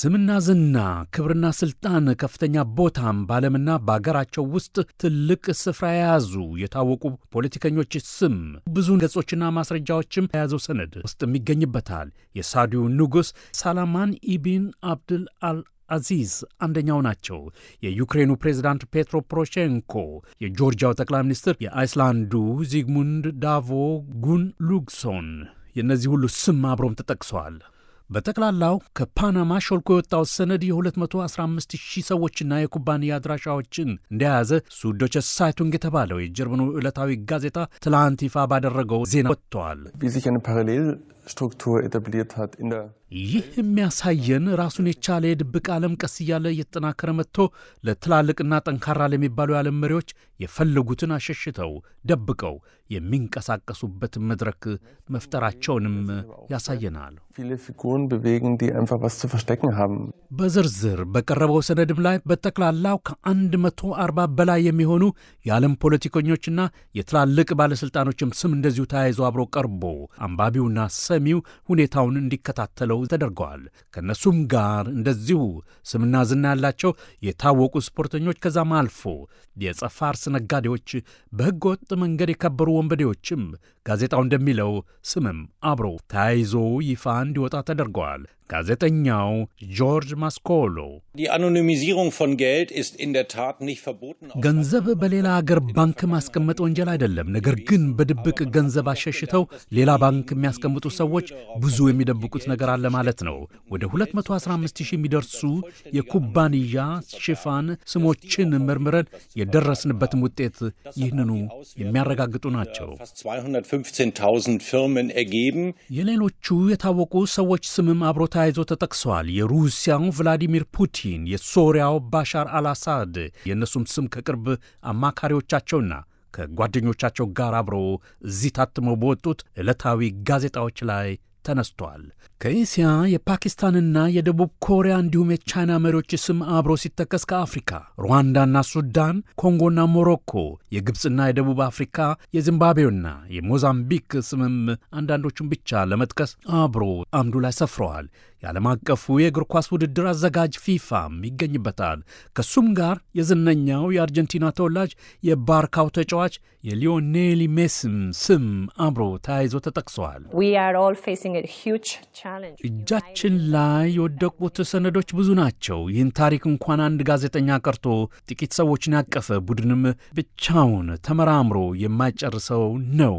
ስምና ዝና፣ ክብርና ስልጣን፣ ከፍተኛ ቦታም በዓለምና በአገራቸው ውስጥ ትልቅ ስፍራ የያዙ የታወቁ ፖለቲከኞች ስም ብዙ ገጾችና ማስረጃዎችም የያዘው ሰነድ ውስጥ ይገኝበታል። የሳዲው ንጉሥ ሳላማን ኢቢን አብድል አል አዚዝ አንደኛው ናቸው። የዩክሬኑ ፕሬዚዳንት ፔትሮ ፖሮሼንኮ፣ የጆርጂያው ጠቅላይ ሚኒስትር፣ የአይስላንዱ ዚግሙንድ ዳቮ ጉን ሉግሶን የእነዚህ ሁሉ ስም አብሮም ተጠቅሰዋል። በጠቅላላው ከፓናማ ሾልኮ የወጣው ሰነድ የ215 ሺህ ሰዎችና የኩባንያ አድራሻዎችን እንደያዘ ሱዶች ሳይቱንግ የተባለው የጀርመኑ ዕለታዊ ጋዜጣ ትላንት ይፋ ባደረገው ዜና ወጥተዋል። struktur etabliert ይህ የሚያሳየን ራሱን የቻለ የድብቅ ዓለም ቀስ እያለ እየተጠናከረ መጥቶ ለትላልቅና ጠንካራ ለሚባሉ የዓለም መሪዎች የፈለጉትን አሸሽተው ደብቀው የሚንቀሳቀሱበት መድረክ መፍጠራቸውንም ያሳየናል። በዝርዝር በቀረበው ሰነድም ላይ በጠቅላላው መቶ አርባ በላይ የሚሆኑ የዓለም ፖለቲከኞችና የትላልቅ ባለሥልጣኖችም ስም እንደዚሁ ተያይዞ አብሮ ቀርቦ አንባቢውና ሰሚው ሁኔታውን እንዲከታተለው ተደርገዋል። ከእነሱም ጋር እንደዚሁ ስምና ዝና ያላቸው የታወቁ ስፖርተኞች ከዛም አልፎ የጸፋ አርስ ነጋዴዎች፣ በሕገ ወጥ መንገድ የከበሩ ወንበዴዎችም ጋዜጣው እንደሚለው ስምም አብሮ ተያይዞ ይፋ እንዲወጣ ተደርገዋል። ጋዜጠኛው ጆርጅ ማስኮሎ ገንዘብ በሌላ አገር ባንክ ማስቀመጥ ወንጀል አይደለም። ነገር ግን በድብቅ ገንዘብ አሸሽተው ሌላ ባንክ የሚያስቀምጡ ሰዎች ብዙ የሚደብቁት ነገር አለ ማለት ነው። ወደ 215000 የሚደርሱ የኩባንያ ሽፋን ስሞችን መርምረን የደረስንበትም ውጤት ይህንኑ የሚያረጋግጡ ናቸው። የሌሎቹ የታወቁ ሰዎች ስምም አብሮ ተያይዞ ተጠቅሰዋል። የሩሲያው ቭላዲሚር ፑቲን፣ የሶሪያው ባሻር አልአሳድ የእነሱም ስም ከቅርብ አማካሪዎቻቸውና ከጓደኞቻቸው ጋር አብረው እዚህ ታትመው በወጡት ዕለታዊ ጋዜጣዎች ላይ ተነስቷል። ከእስያ የፓኪስታንና የደቡብ ኮሪያ እንዲሁም የቻይና መሪዎች ስም አብሮ ሲጠቀስ ከአፍሪካ ሩዋንዳና ሱዳን፣ ኮንጎና ሞሮኮ፣ የግብፅና የደቡብ አፍሪካ፣ የዚምባብዌና የሞዛምቢክ ስምም አንዳንዶቹን ብቻ ለመጥቀስ አብሮ አምዱ ላይ ሰፍረዋል። የዓለም አቀፉ የእግር ኳስ ውድድር አዘጋጅ ፊፋም ይገኝበታል። ከሱም ጋር የዝነኛው የአርጀንቲና ተወላጅ የባርካው ተጫዋች የሊዮኔል ሜስም ስም አብሮ ተያይዞ ተጠቅሰዋል። እጃችን ላይ የወደቁት ሰነዶች ብዙ ናቸው። ይህን ታሪክ እንኳን አንድ ጋዜጠኛ ቀርቶ ጥቂት ሰዎችን ያቀፈ ቡድንም ብቻውን ተመራምሮ የማይጨርሰው ነው።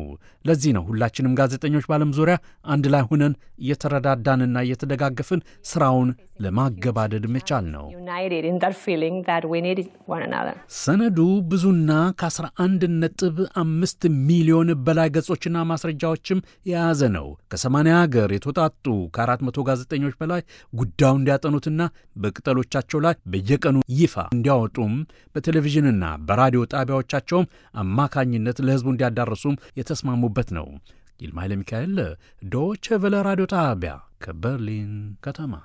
ለዚህ ነው ሁላችንም ጋዜጠኞች በዓለም ዙሪያ አንድ ላይ ሆነን እየተረዳዳንና እየተደጋገፍን ስራውን ለማገባደድ መቻል ነው። ሰነዱ ብዙና ከ11 ነጥብ አምስት ሚሊዮን በላይ ገጾችና ማስረጃዎችም የያዘ ነው ከ8 ሀገር የተወጣጡ ከአራት መቶ ጋዜጠኞች በላይ ጉዳዩ እንዲያጠኑትና በቅጠሎቻቸው ላይ በየቀኑ ይፋ እንዲያወጡም በቴሌቪዥንና በራዲዮ ጣቢያዎቻቸውም አማካኝነት ለሕዝቡ እንዲያዳረሱም የተስማሙበት ነው። ይልማይለ ሚካኤል ዶቼ ቬለ ራዲዮ ጣቢያ ከበርሊን ከተማ